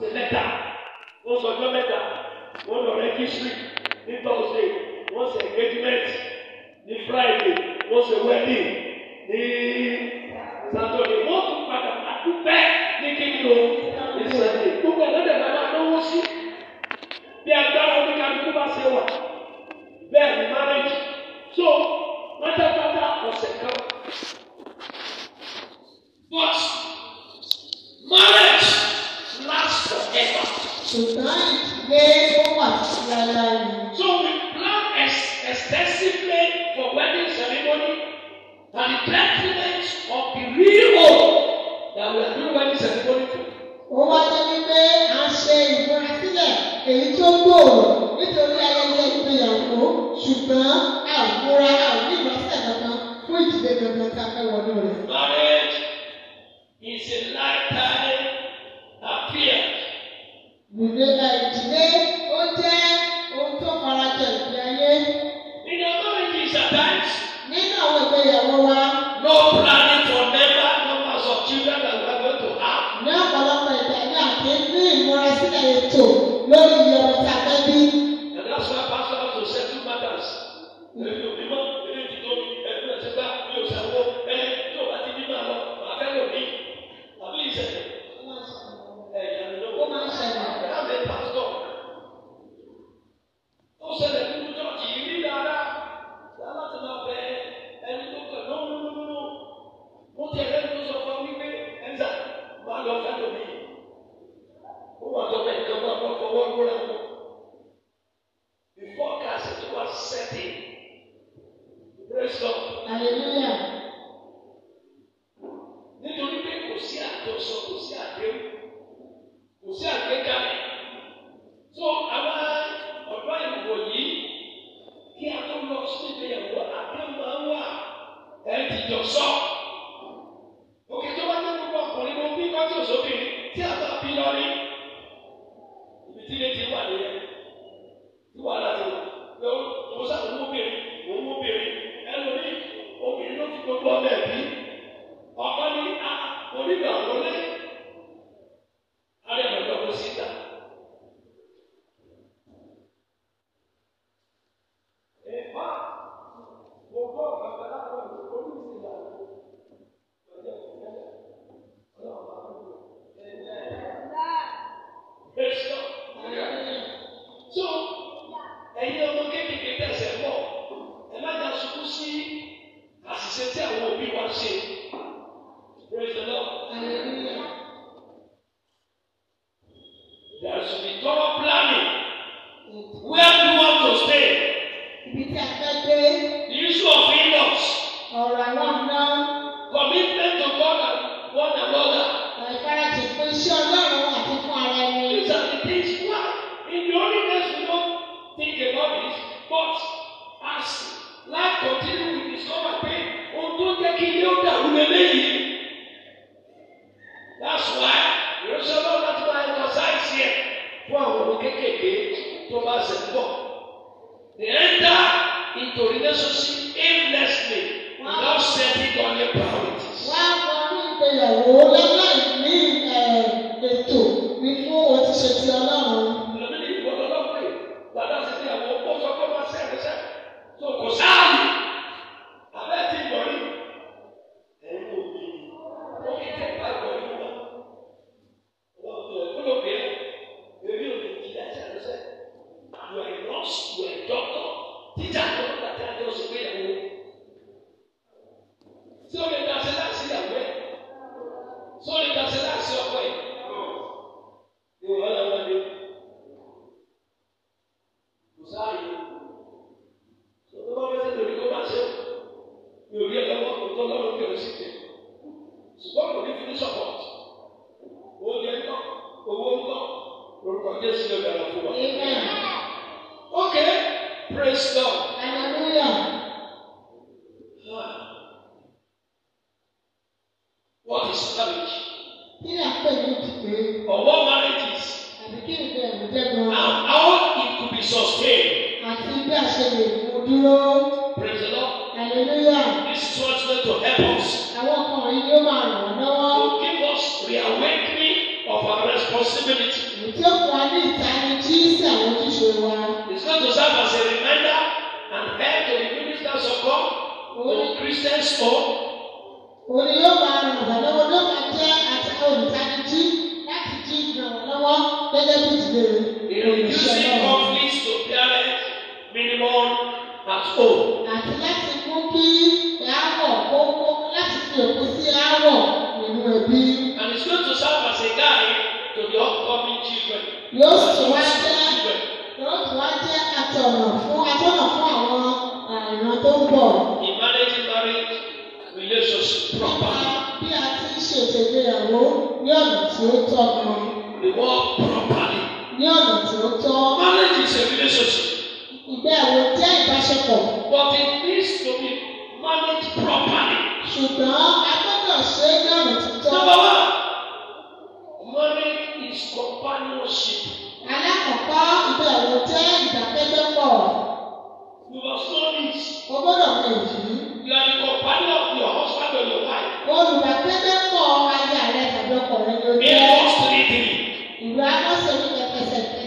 ṣe mẹ́ta wọ́n sọ ọjọ́ mẹ́ta wọ́n lọ rẹ́gísírì ní thursday wọ́n ṣe engagement ní friday wọ́n ṣe wedding ní saturday wọ́n tún padà àdúpẹ́ ní kíni o ní sunday gbogbo ọ̀gá dẹ̀ bàbá náwó sí bí agbára oníkàlùkù bá ṣe wà. So we plan ex- extensively for wedding ceremony and the pertinence of the real hope that we are doing wedding ceremony to. Ó wá jẹ́ wípé a ṣe ìmúrasílẹ̀ èyí tó gbòòrò nítorí ayẹyẹ ìgbéyàwó ṣùgbọ́n àìmúra àìní ìmọ̀sílẹ̀ kankan fún ìdílé kankan tá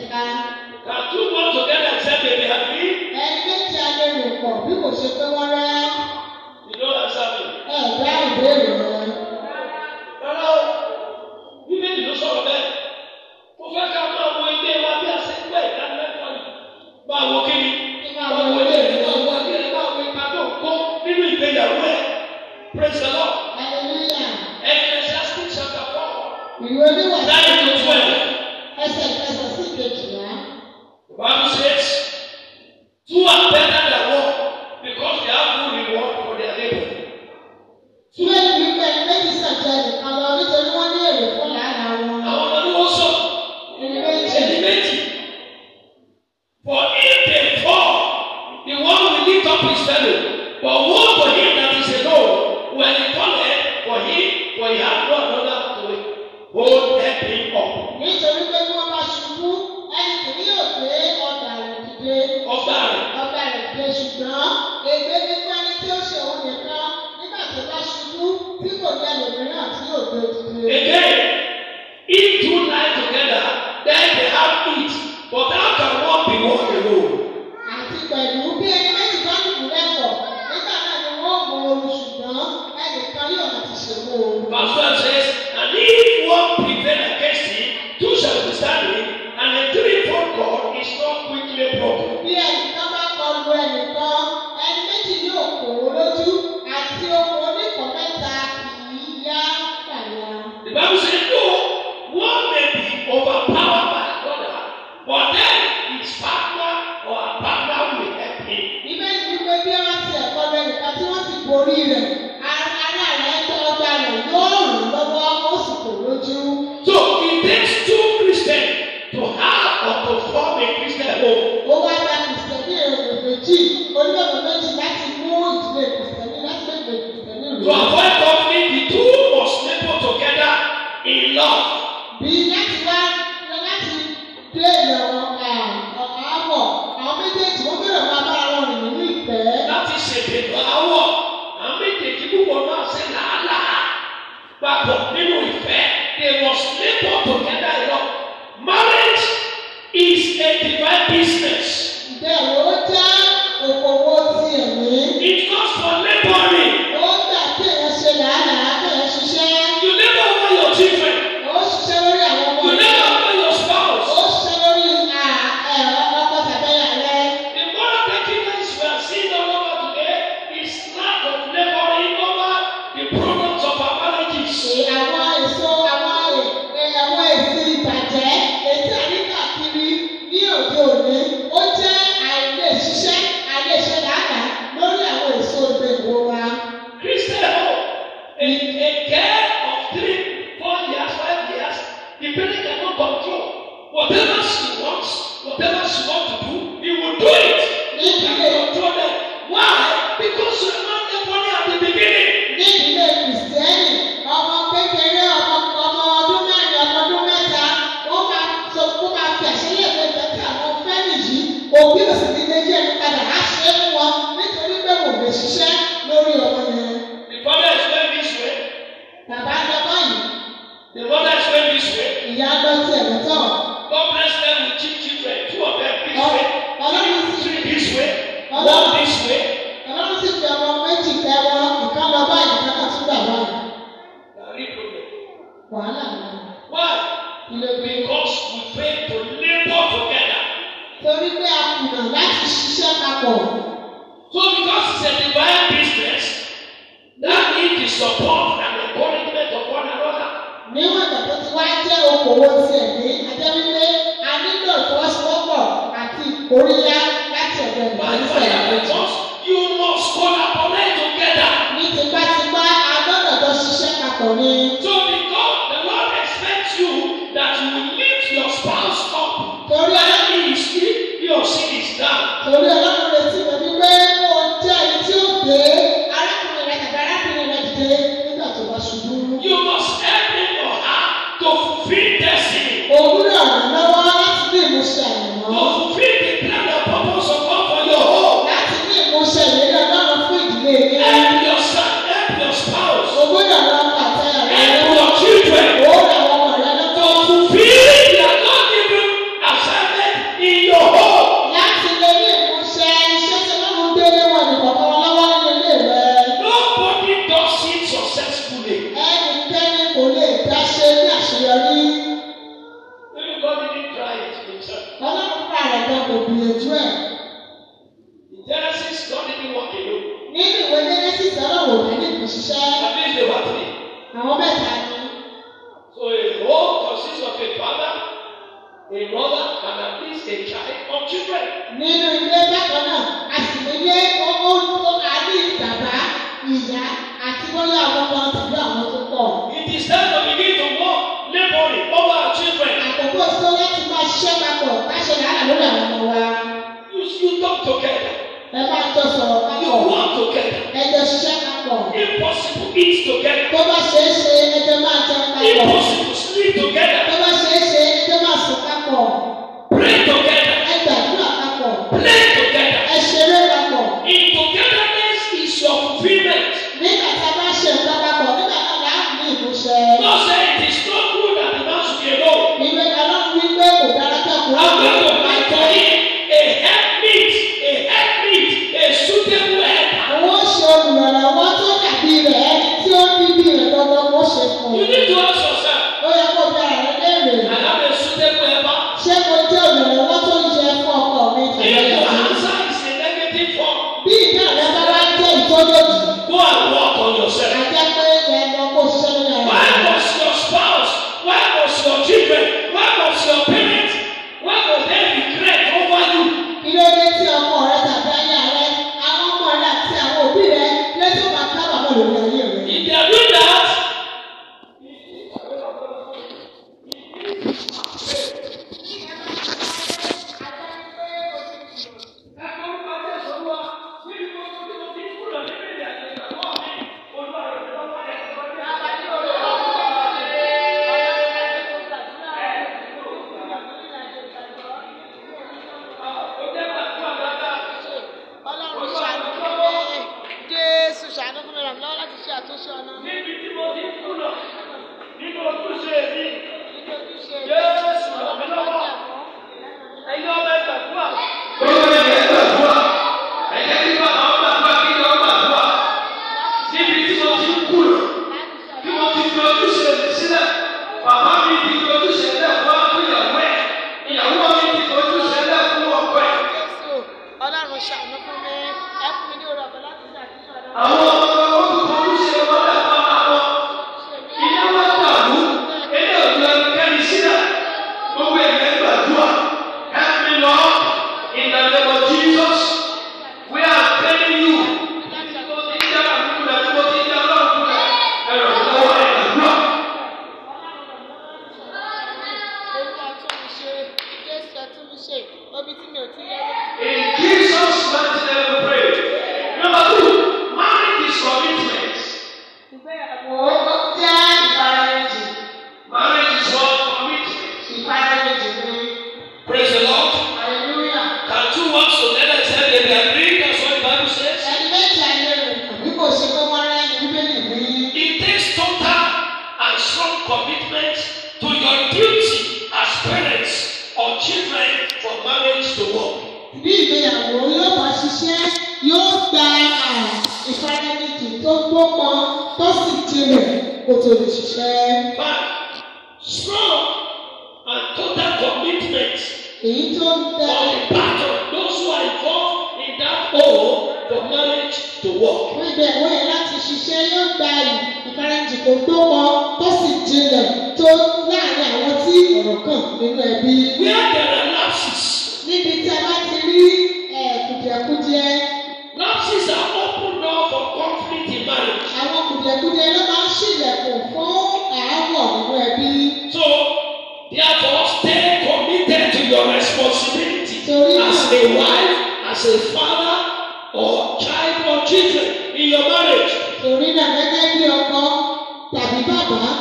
That two walk together except they may agree. Ẹni méjì alẹ́ rò pọ̀ bí kò ṣe pé wọ́n rẹ́. kùdẹ̀kùdẹ ló máa ṣílẹ̀kùn fún àáwọ̀ nínú ẹbí. So therefore stay committed to your responsibility as a wife, as a father or child or children in your marriage. Torí náà gẹ́gẹ́ bí ọkọ tàbí bàbá.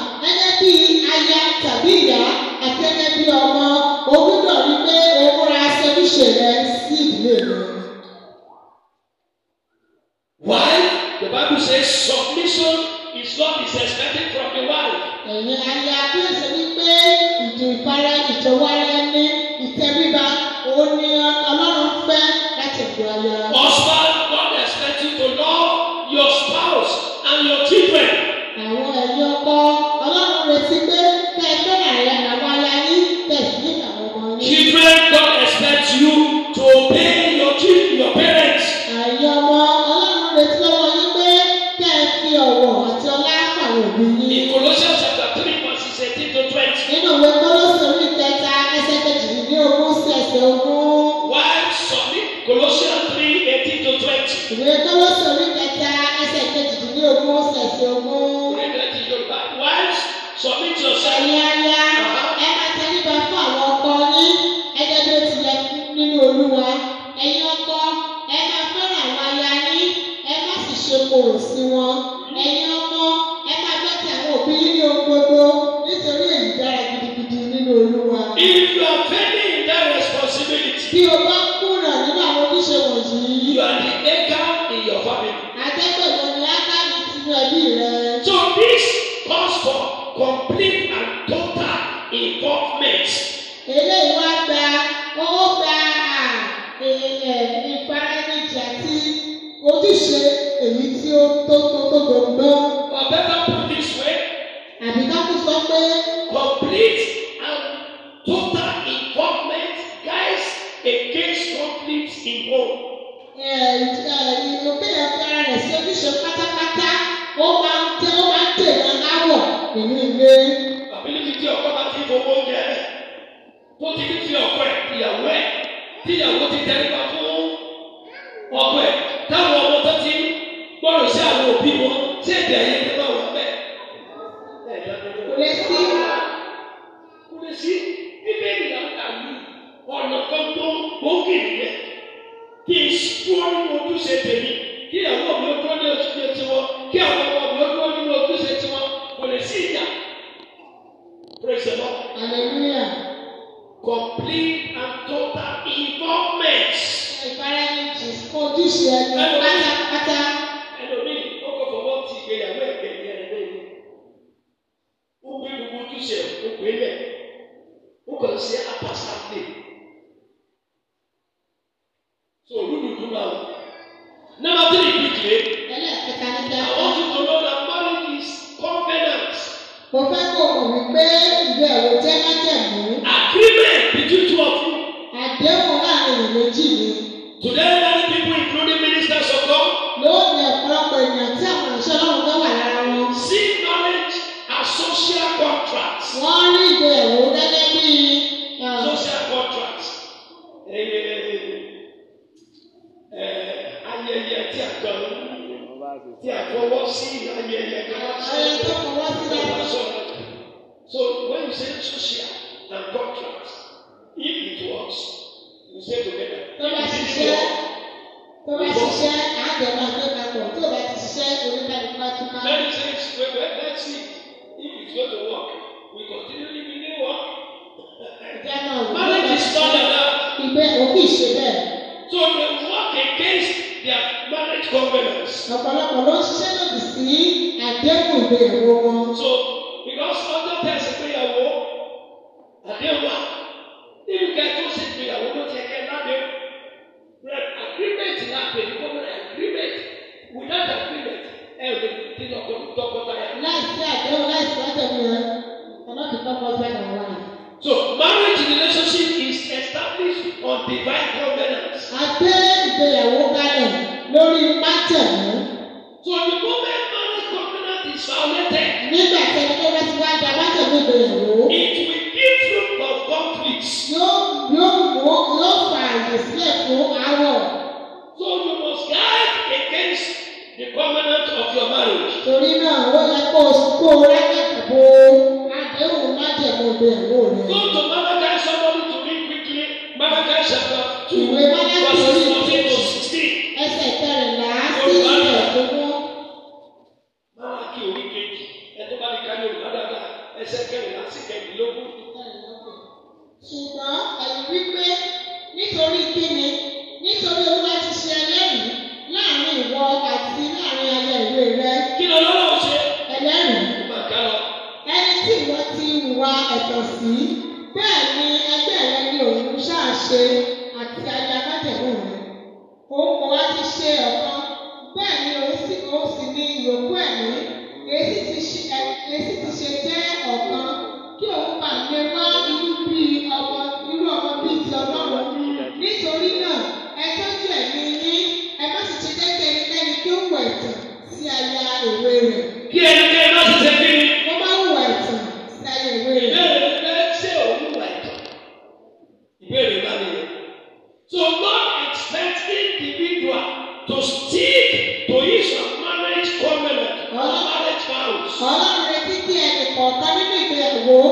ọlọ́run retí pé ẹnì kọ̀ọ̀kan nínú ìgbéyàwó.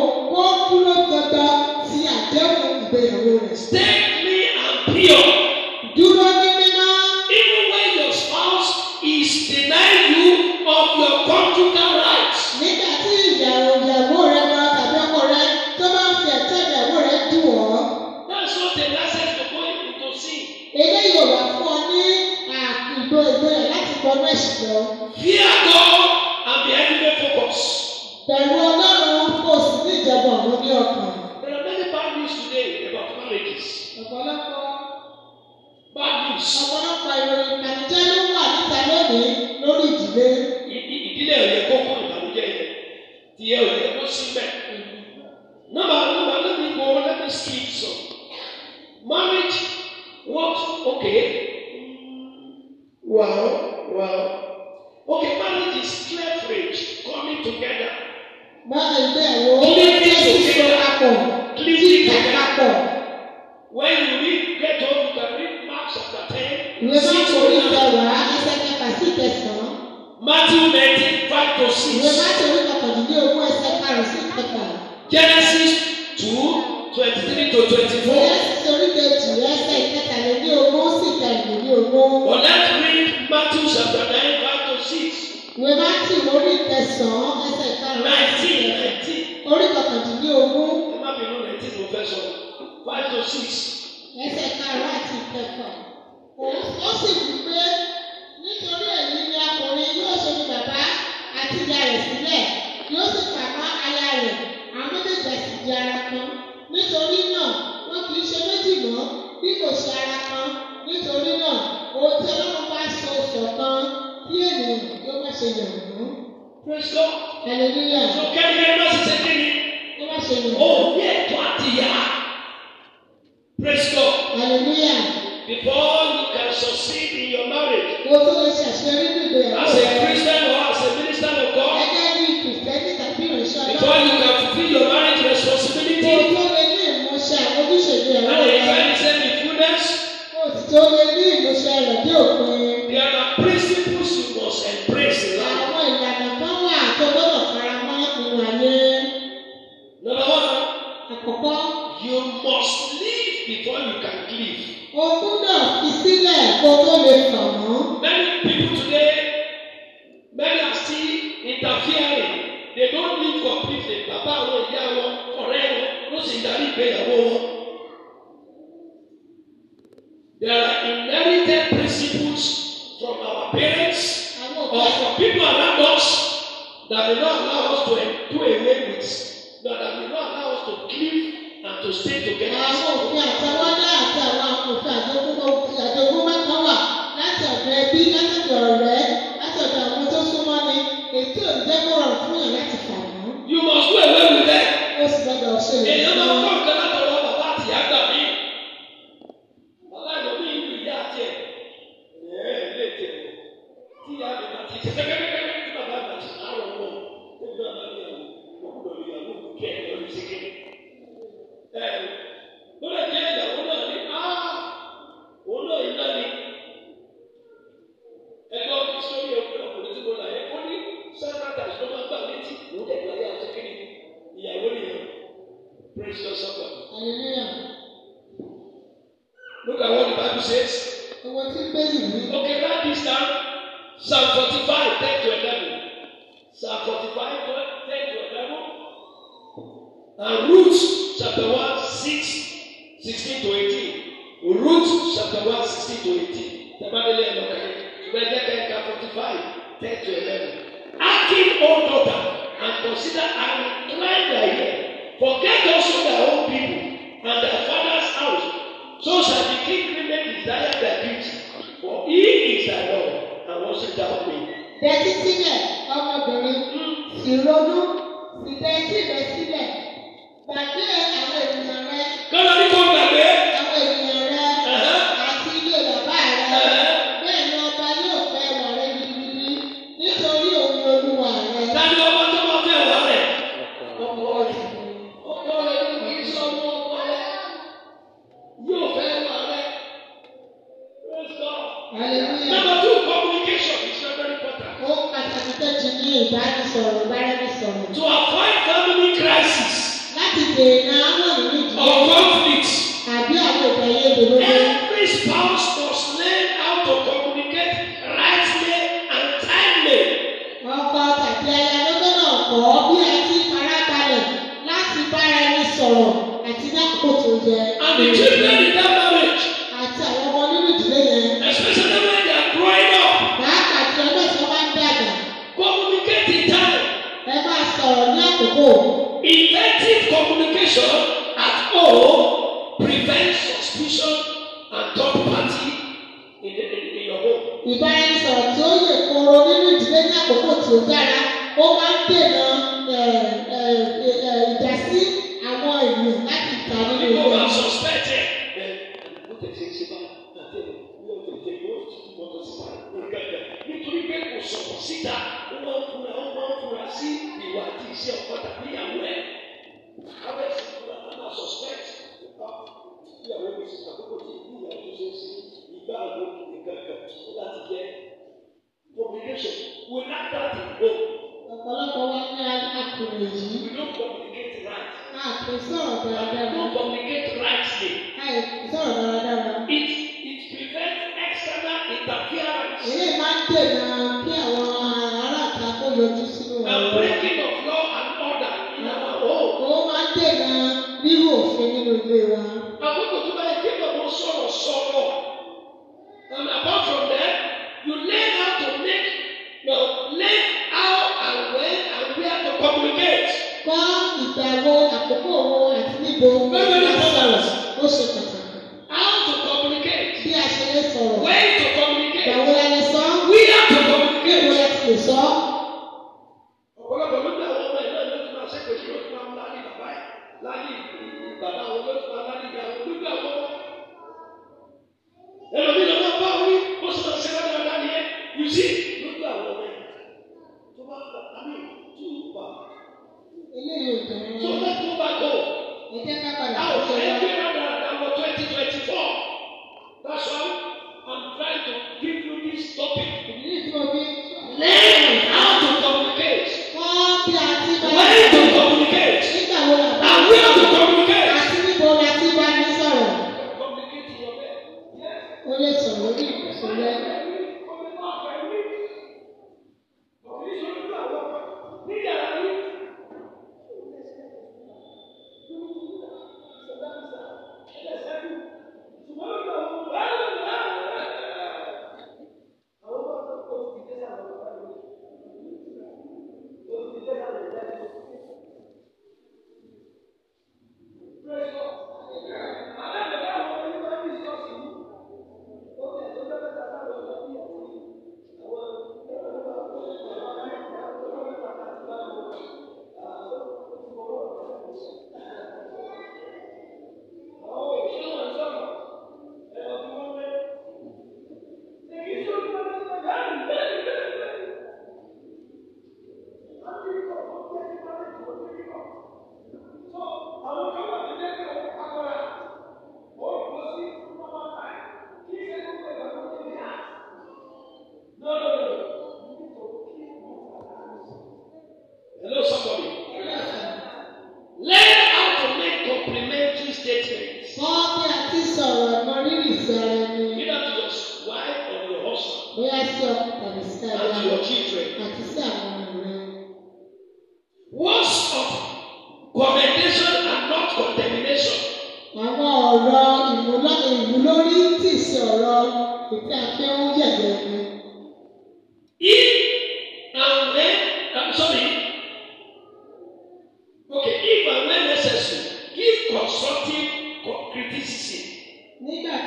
We don't communicate right. A kì í We don't communicate rightly. A kì í sọ̀rọ̀ dáradára. It's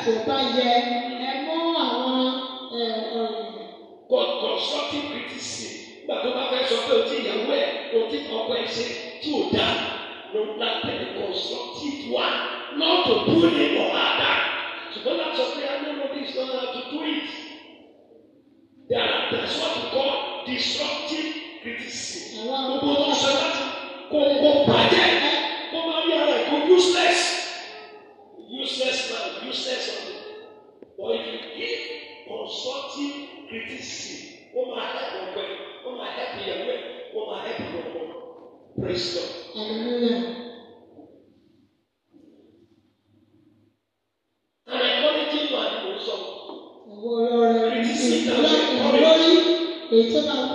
tó bá yẹ ẹ mọ́ àwọn consulting criticism nígbà tó bá fẹ́ sọ pé o ti ìyàwó ẹ̀ o ti ọkọ ẹ̀ ṣe tí o dá ló ń láti ẹ̀ consultive wa not to bully or harder ṣùgbọ́n láti sọ pé anonymous is not how to do it there are that's what we call disruptive criticism. Gbogbo Cristo. Aleluya. Tàbí ẹ̀kọ́ni tí ìlú àdìgbò sọ. Àwọn ọ̀rọ̀ rẹ̀ ti ṣe ìtàlẹ́ ìwọ́lórí èyí tó náà.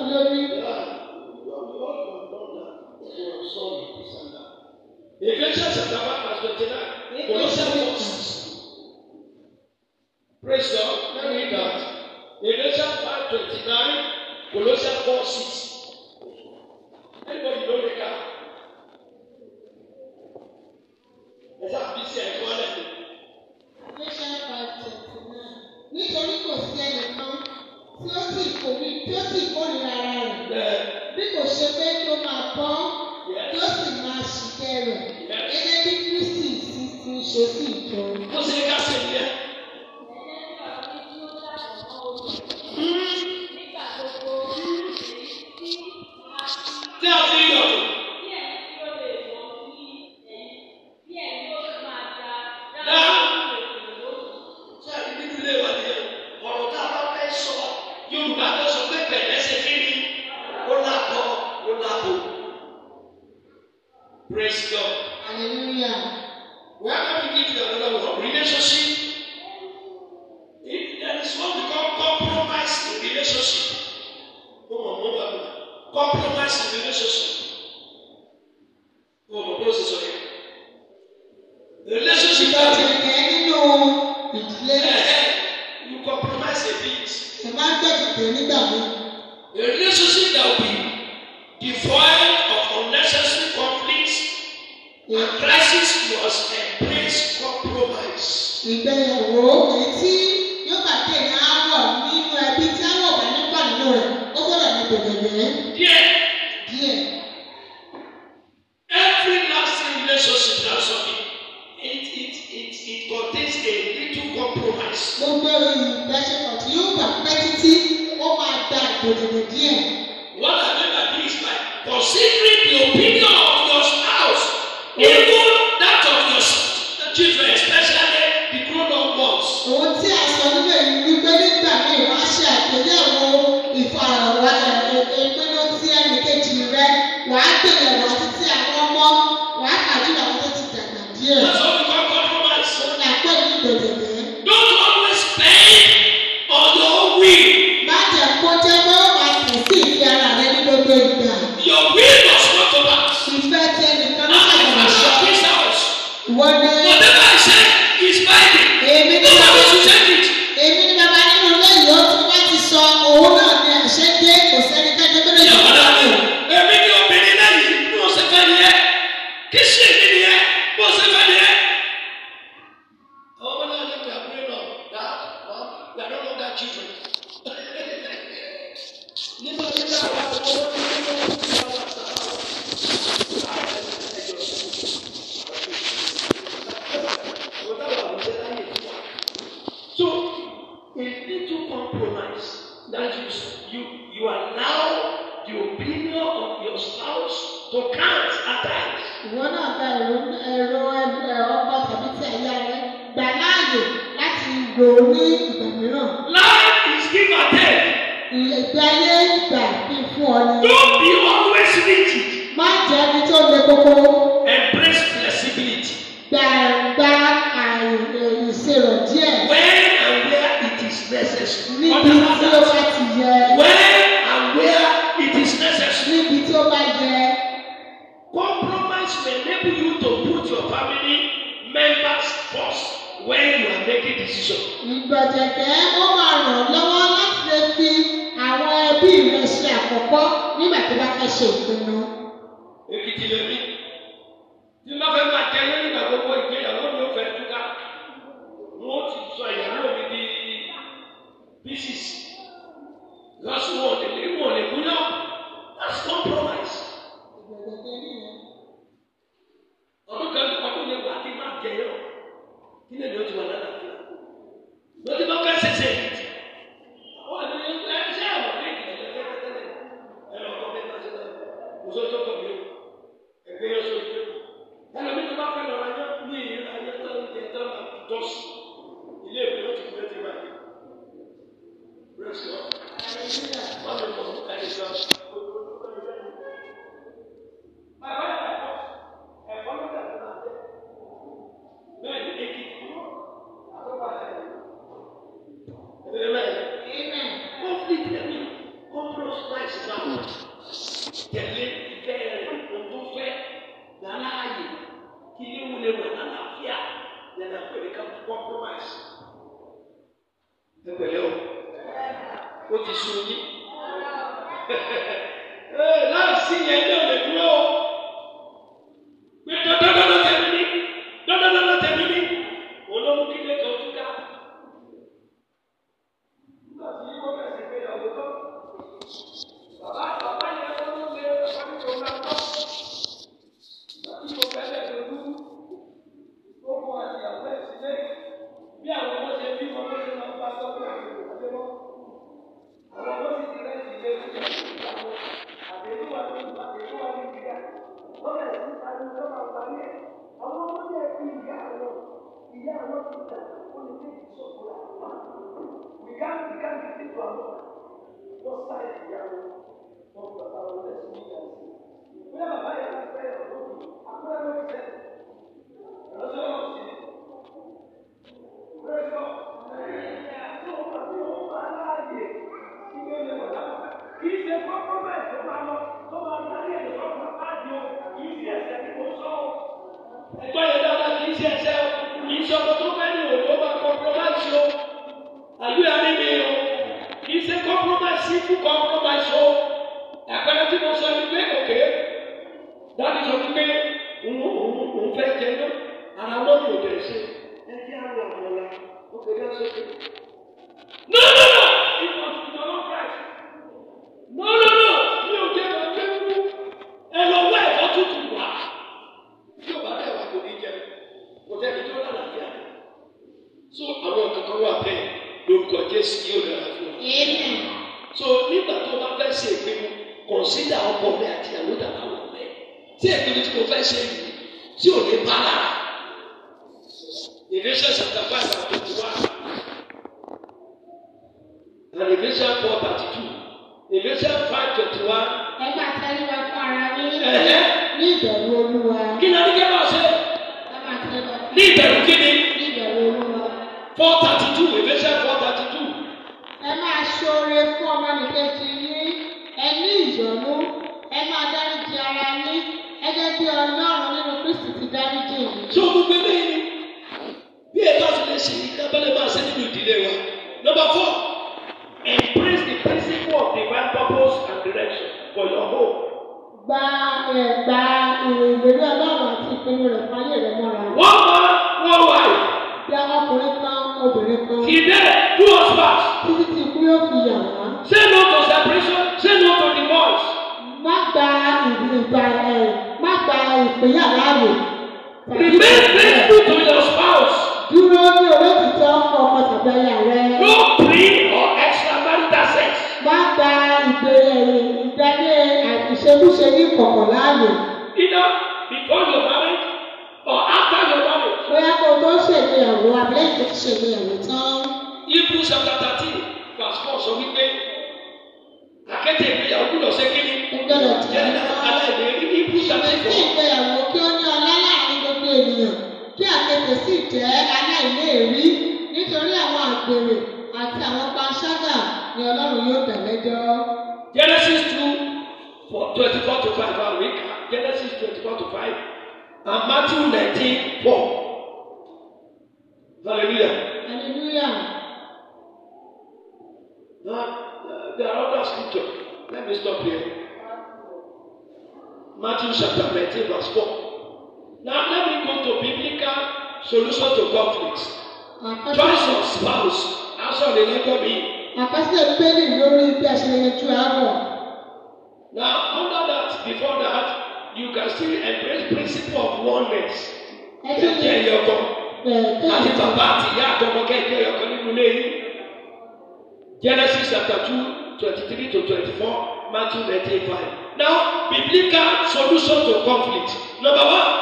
to conflict. Number one,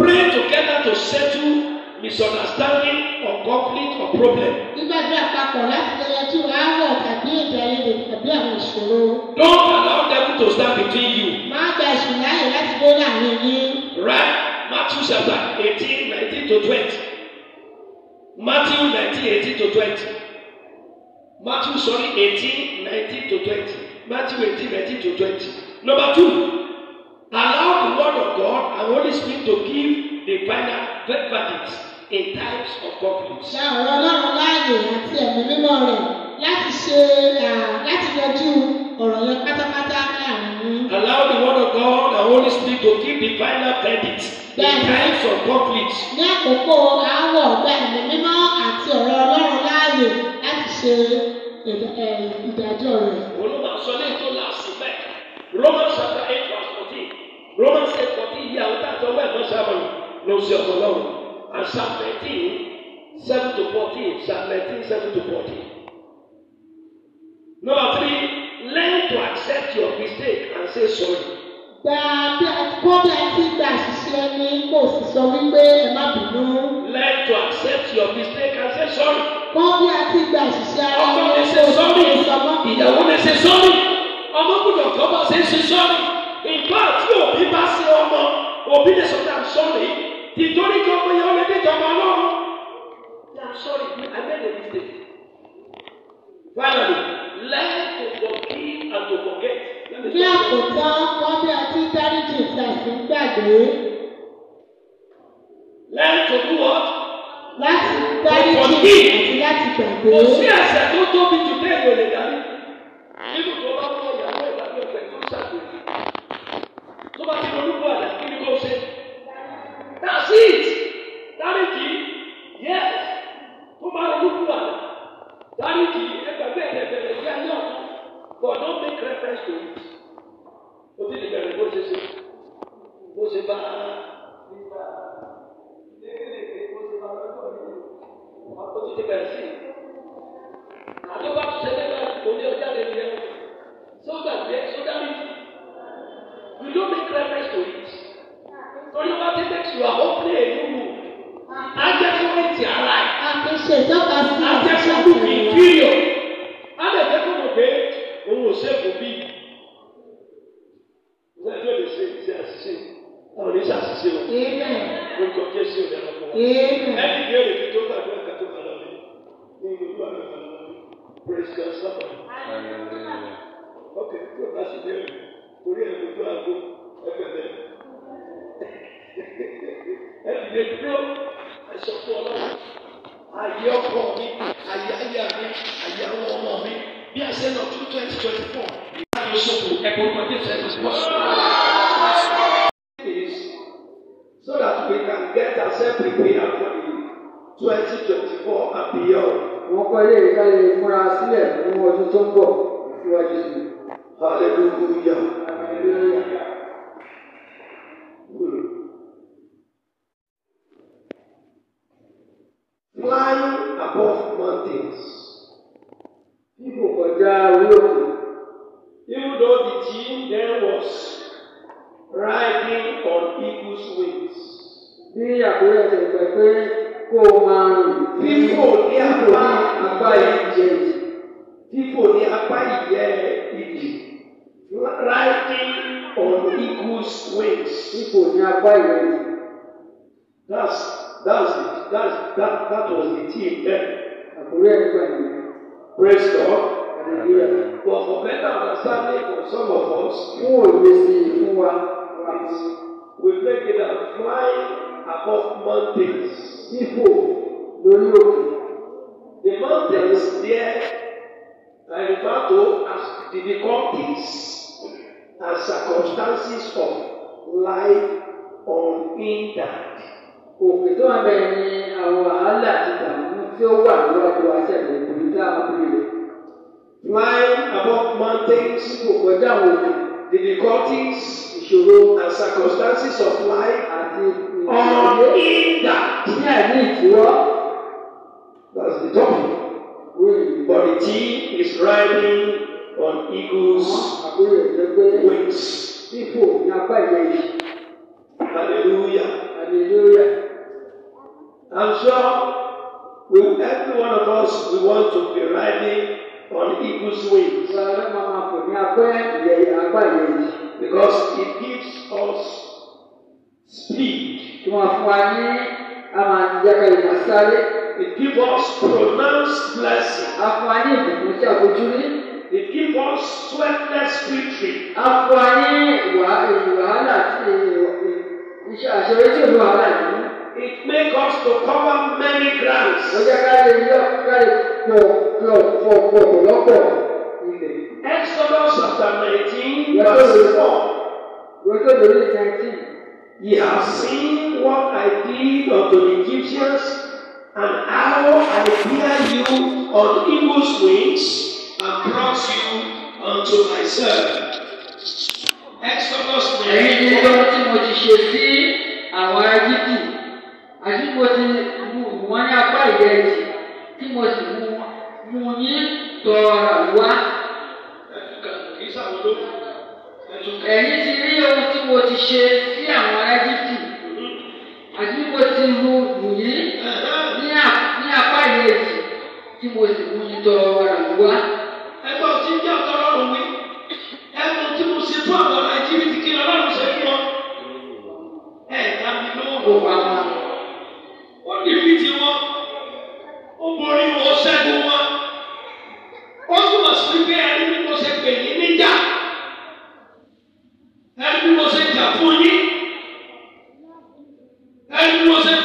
pray together to settle misunderstanding or conflict or problem. Gbígbàdúrà papọ̀ láti yanjú aáwọ̀ tàbí èdè àìyedè tàbí àwọn ìṣòro. Don't allow them to stand between you. Máa gba ìṣòro láàyè láti dé láàrin yín. Right, Matthew chapter eighteen nineteen to twenty. Matthew nineteen eighteen to twenty. Matthew sorry eighteen nineteen to twenty. Matthew eighteen nineteen to twenty. Number two. Allow the word of God and Holy Spirit to give the final verdict in times of conflict. Ṣé àwọn ọlọ́run láàyè àti ẹ̀mí mímọ́ rẹ̀ láti ṣe láti yanjú ọ̀rọ̀ yẹn pátápátá láàrin. Allow the word of God and Holy Spirit to give the final verdict in times of conflict. Ní àkókò àwọ̀ ọ̀gbẹ́ ẹ̀mí mímọ́ àti ọ̀rọ̀ ọlọ́run láàyè láti ṣe ìdájọ́ rẹ̀. Olúwa sọ ní ètò làásì bẹ́ẹ̀ Romans chapter eight verse one. Romans eight fourteen yìí àwọn tààtọ̀ ọgbà ẹ̀gbọ́n sábà ló ṣe ọ̀pọ̀ lọ́wọ́ and Psalm nineteen seven to fourteen Psalm nineteen seven to fourteen. Number three, learn to accept your mistake and say sorry. Gbàgbé kọ́bí àti àṣìṣe ni kò sì sọ wípé ẹ má bínú. Learn to accept your mistake and say sorry. Kọ́bí àti àṣìṣe ara kò sì sọ wípé ẹ má bínú. Ọkọ mi ṣe sọ́ọ̀rì, ìyàwó mi ṣe sọ́ọ̀rì, ọmọ gbọ́dọ̀ bá ṣe ṣe sọ́ọ̀rì ìgbà tí òbí bá ṣe ọmọ òbí lè sọ pé i'm sorry ìtorí kí ọmọ yẹn lè déjọba ọlọ́run i'm sorry i made a mistake. finally learn to forgive and to forget. bí àkùtà wọn bí a ti dáríjì ìtàsí gbàgbé. learn to do what. láti dáríjì àti láti gbàgbé. kò sí ẹ̀ṣẹ̀ tó tóbi jù bẹ́ẹ̀ lè dárí. nínú tó bá fọ ìyàwó ìbámu ọ̀gbẹ̀ tó ṣàkóso tó bá ti ronú bọ̀ àdá kí ni kò ṣe. that's it dáríjì yẹ tó bá ronú bọ̀ àdá dáríjì Speak. Tuwafanye ama njaka imasale. It gives us pronounced blessing. Afanye kukucha kujuli. It gives us sweatless victory. Afanye wa wàhálà iṣẹ́ àṣeyọrí tí òun wàhálà yìí. It makes us to cover many grounds. Ó jẹ́ ká lè yọ ká lè pọ̀ pọ̀ pọ̀ pọ̀ lọ́pọ̀ ilẹ̀. Exodus chapter nineteen verse four. Wọ́n tó lórí nineteen. Ye have seen what I did unto the Egyptians, and how I bear you on eagle's wings, and brought you unto myself. Exodus 9. ni lọ́wọ́ tí mo ti ṣe sí àwọn Egypt, àti mo ti mú wọn ní apá ìdẹ́rẹ́ tí mo sì mú yín tọrọ wá ẹ̀yin ti rí ohun tí mo ti ṣe sí àwọn ará Íjíbítì àti mo ti mu yìí ní apá ìrètí tí mo sì mú yín tọrọ ara mi wá. ẹgbẹ́ ọtí ń jẹ́ ọ̀tọ̀ ọlọ́run mi ẹnu tí mo ṣe fún àwọn ará Íjíbítì kí ọlọ́run ṣe fún ọ. ẹ̀ dá mi lóhùn. ó wà á ó dìbí ti wọn ó borí wọn ó ṣẹ́gun wọn ó túmọ̀ sí pé ẹni bí mo ṣe pè yín níjà ẹni mo ṣe jà fún yín ẹni mo ṣe.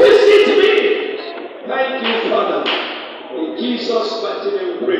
Visit me. Thank you, Father. In Jesus' mighty name we pray.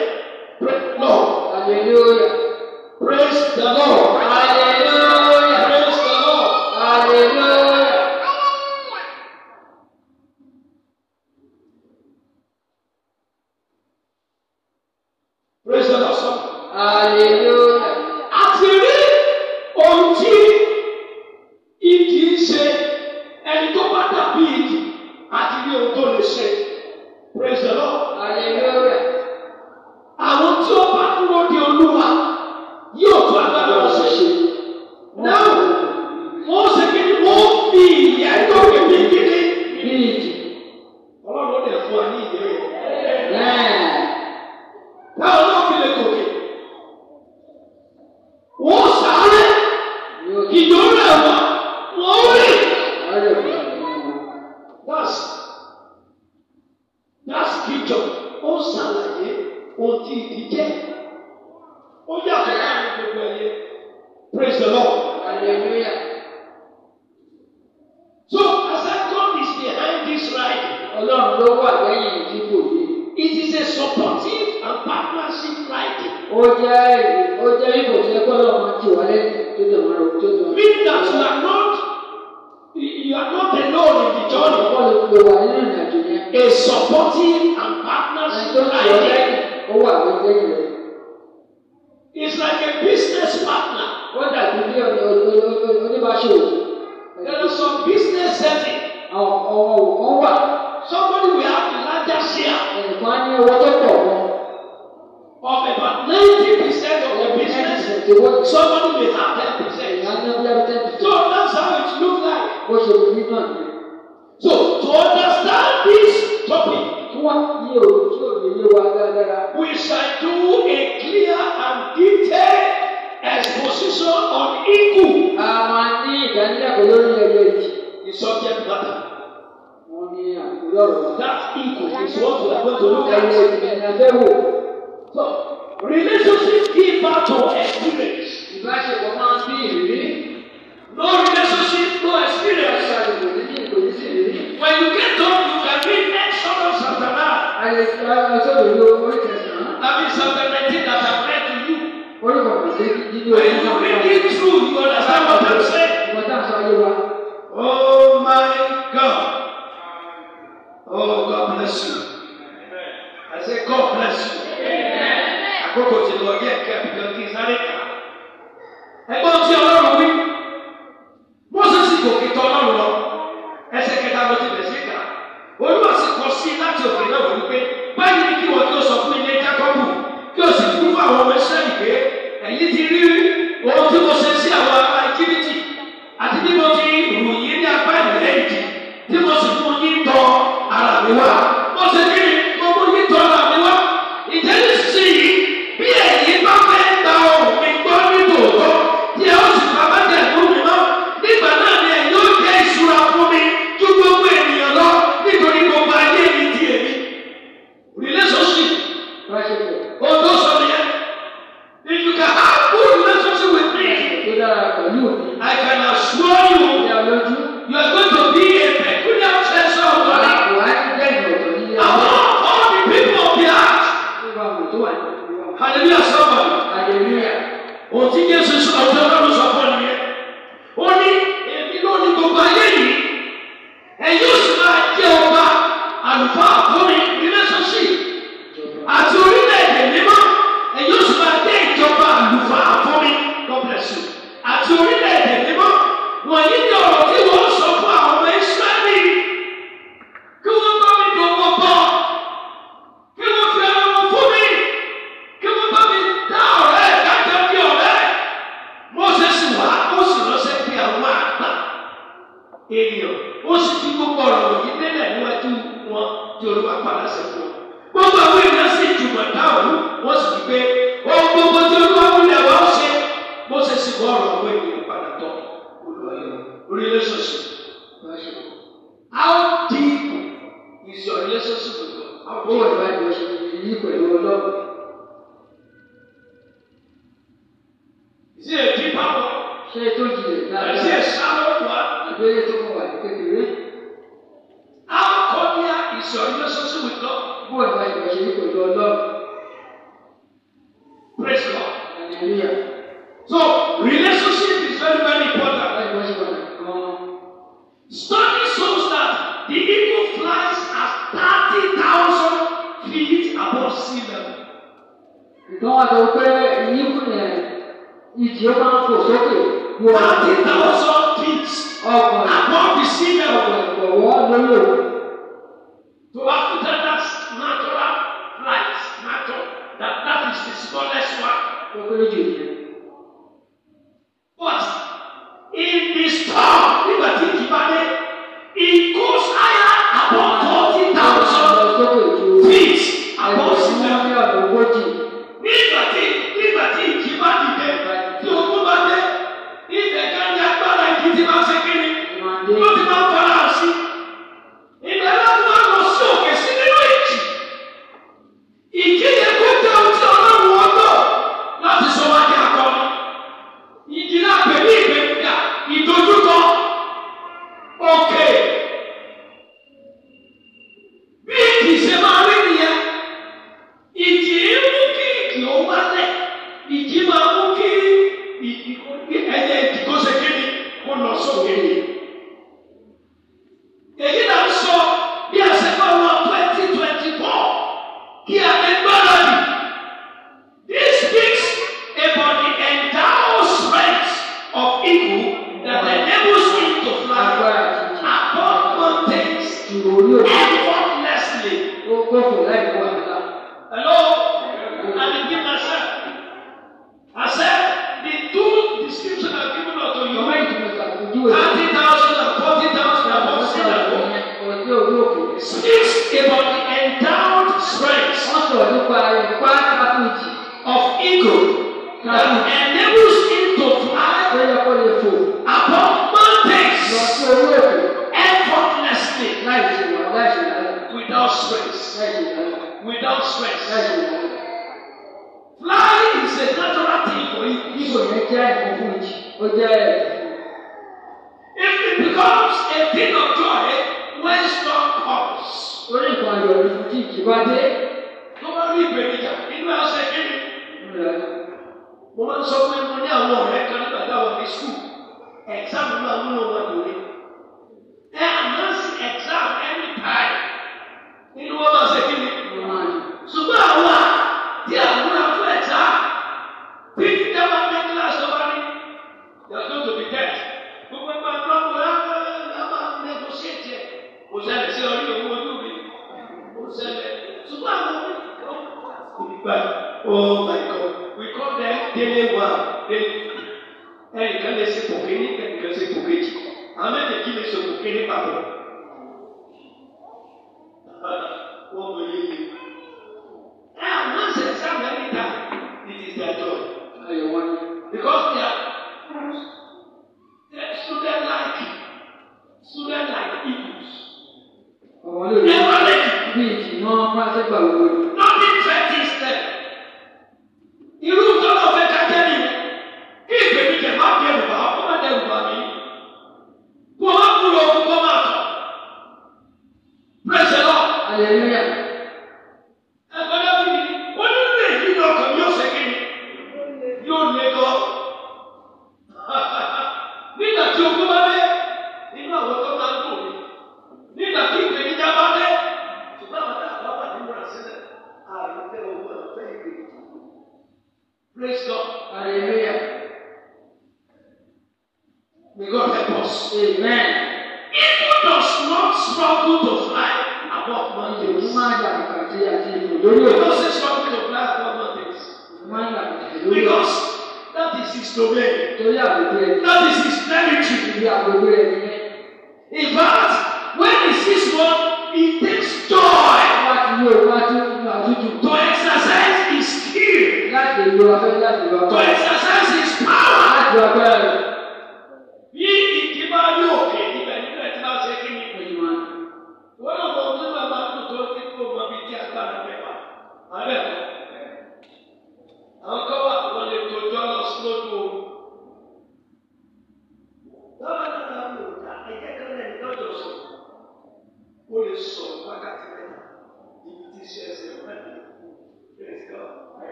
Hallelujah. Praise the Lord. sọ ní ogójì. nígbà tí nígbà tí ìjì bá dìde.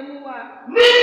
temos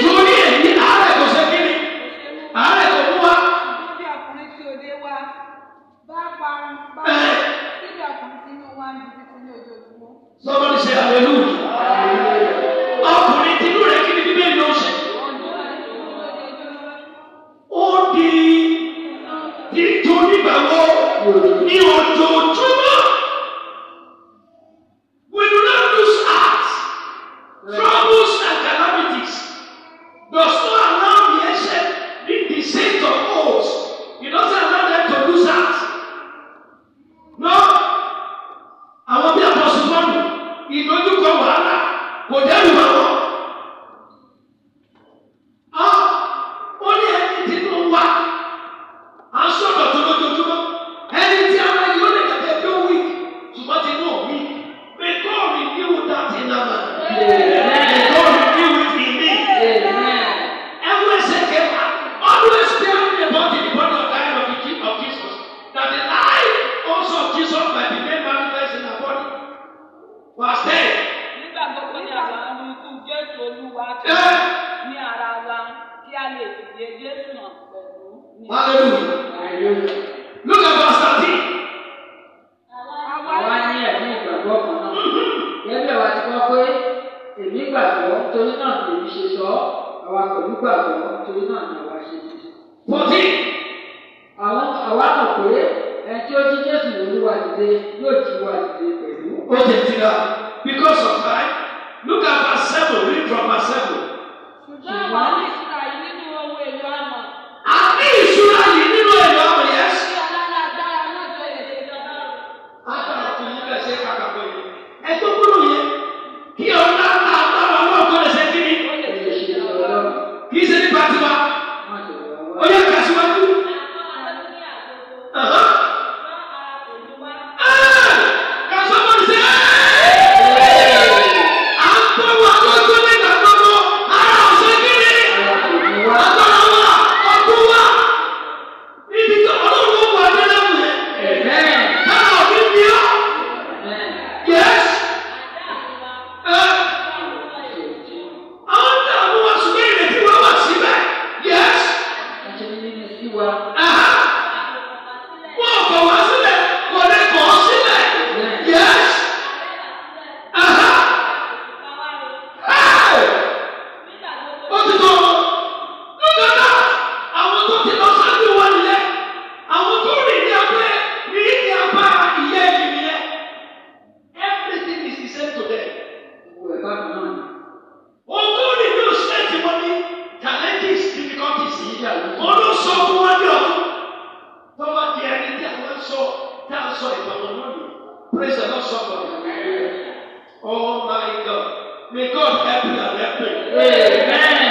Oh May God help you and help me. Amen.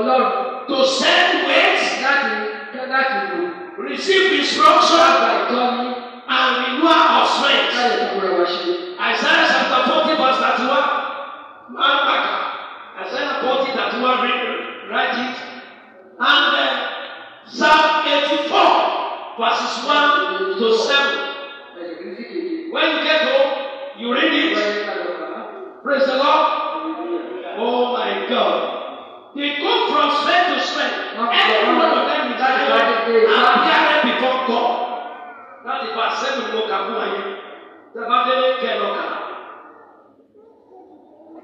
ọlọ́run to send words láti láti lò receive instruction by God and renew our strength. káyọ̀ tó kúrẹ́ wá ṣe. Isaiah chapter forty verse thirty one máa ń bàkà Isaiah forty thirty one read write it and uh, Psalm eighty four verses one to seven. When you get home, you read it. Praise the Lord. Oh my God. They go from strength to strength. Every one of them is appearing before God. Láti pa sẹ́nu ni mo kà fún ayé. Tẹ̀bá délé kẹ́ lọ kà.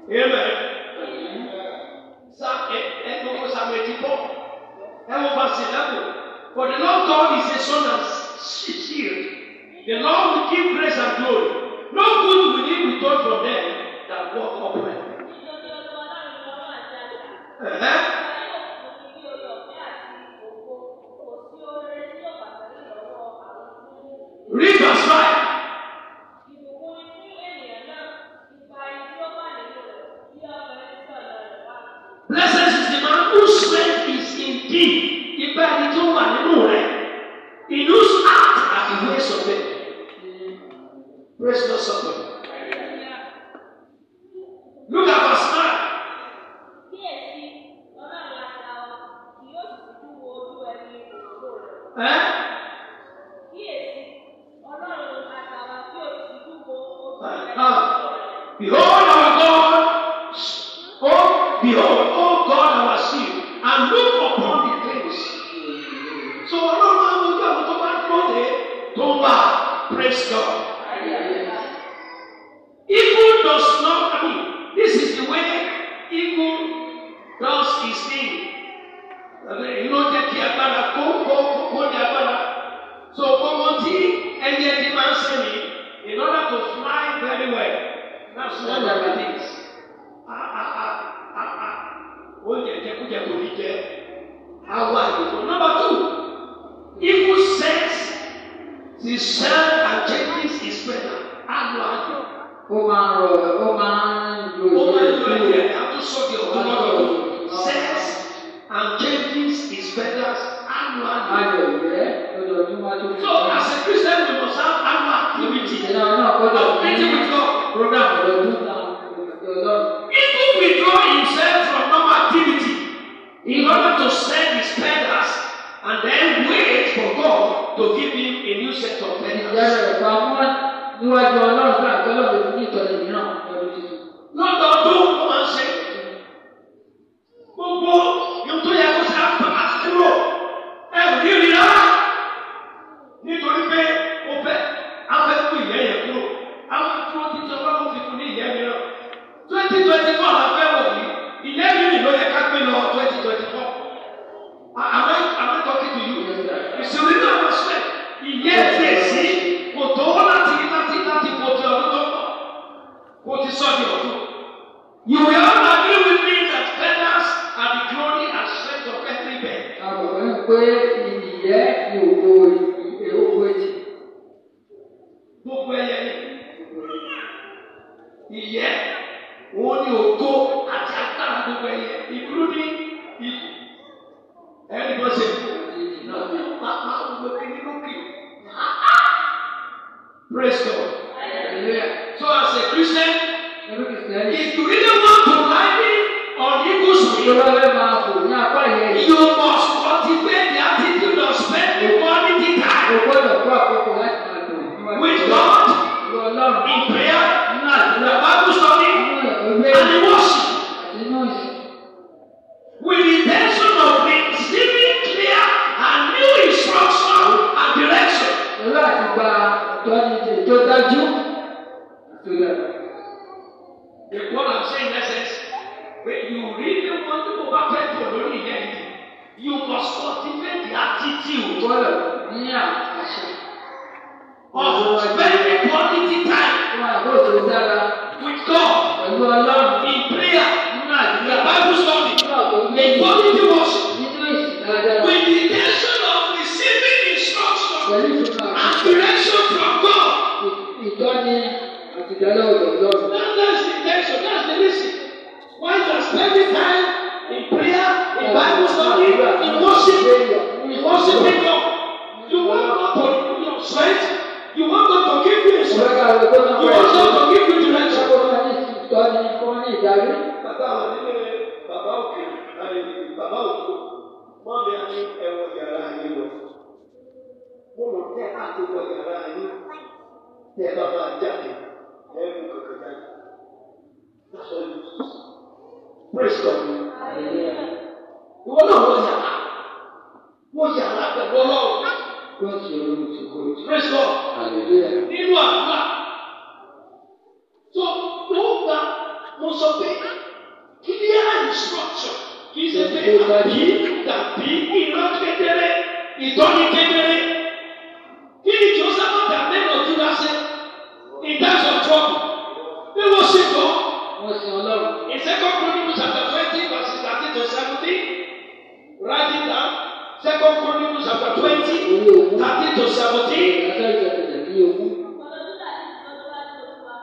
Amen. Sa ẹ ẹ gbogbo Sàmù etí pọ̀. Ẹ wo ba sí lẹ́kọ̀ọ́. But the Lord God is a son of shield. The Lord will give grace and glory. No good will he return from them that walk upright. Read verse 5. Blessed is the man is in thee, ipa ẹni tó wà nínú rẹ̀, in whose heart are of it. Praise God,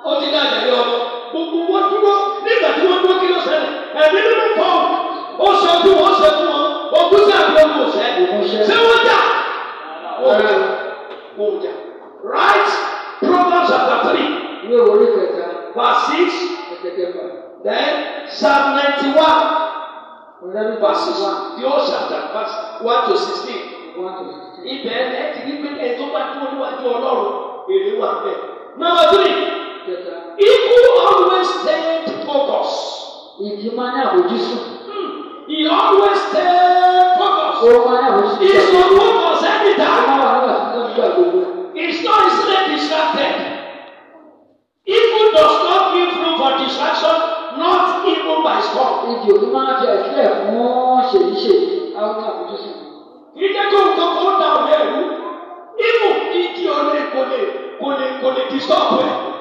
ó ti dá àjàlé ọmọ gbogbo wọn dúró nígbà tí wọn dúró kí ló ṣẹlẹ̀ ẹ̀mí nínú pọ ó sọ fún wọn ó sọ fún wọn ogún sí àbúrò ọmọ ọsẹ ṣé wọn jà wọn jà wọn jà right Proverbs chapter three ìwé orí kẹta verse six then Psalm ninety one verse one yóò ṣàtà verse one to sixteen ibẹ̀ ẹ̀ ti ní pé ẹ̀ tó bá dúró níwájú Ọlọ́run èrè wà bẹ́ẹ̀ number three. Evil always stayed focused. Hmm. He always stayed focused. He's on focus every time. It's not easily distracted. Evil does not give room for distraction, not even by score. ìdẹ́kọ̀ nǹkan kó dà ọ́ lẹ́rú ibù ìdí ọ̀lẹ́ kò lè kò lè kò lè disturb ẹ̀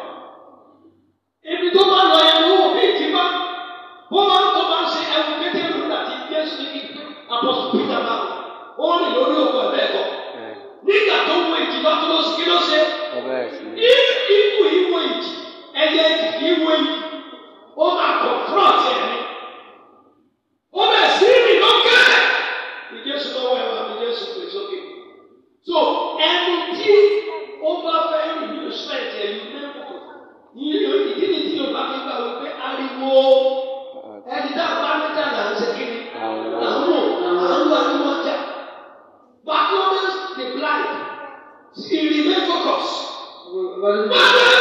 ibi tó bá lọ yẹn ló wò bí ìjìmá bó máa ń tó máa ń ṣe ẹwù pétérù àti jésù ní apọ́sù peter náà ó rìn lórí òkú ẹ̀ bẹ́ẹ̀ kọ́ nígbà tó wo ìjìmá tó lọ sí kí ló ṣe ikú ìwò ìjì ẹyẹ ìwò ìjì ó máa kọ̀ fúrọ̀tì ẹ̀ ní ó bẹ̀ sí rìn lọ́kẹ́ ìjésù lọ́wọ́ ẹ̀ wà ní jésù kìí sókè so ẹ̀ Ah, ah, But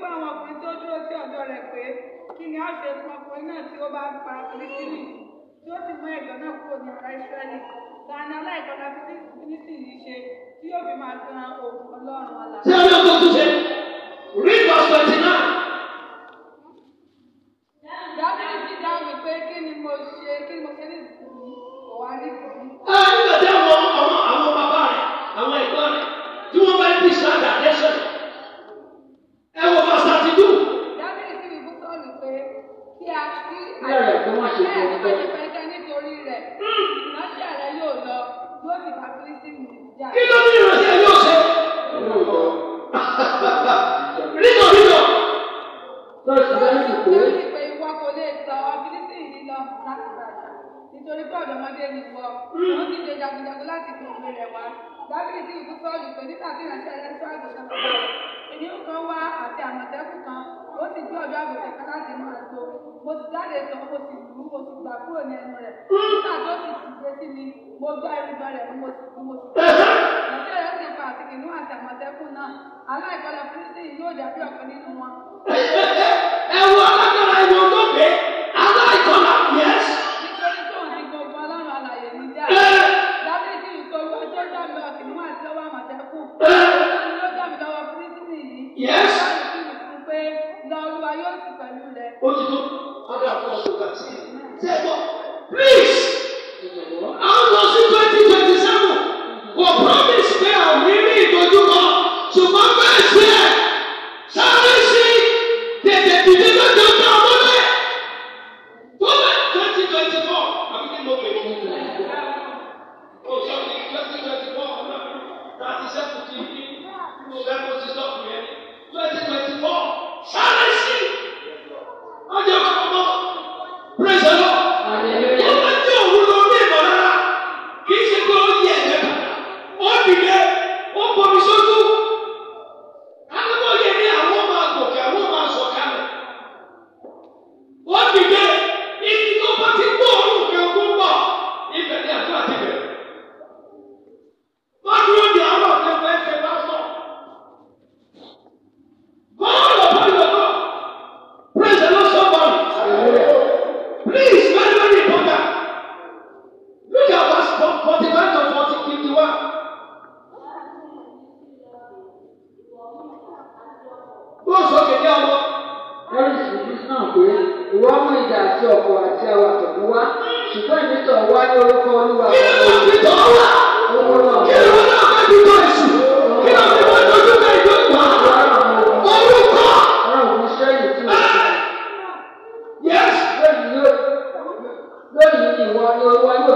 fún àwọn ọkùnrin tó dúró sí ọ̀dọ̀ rẹ̀ pé kí ni a ṣe fún ọkùnrin náà tí ó bá pa filistini tí ó sì mú ẹ̀jọ́ náà kúrò ní ọ̀rá israẹli tani aláìkọ́ra filistini yìí ṣe tí yóò fi máa tan òògùn ọlọ́run ọ̀la. ṣé ọlọ́run tó tún ṣe rí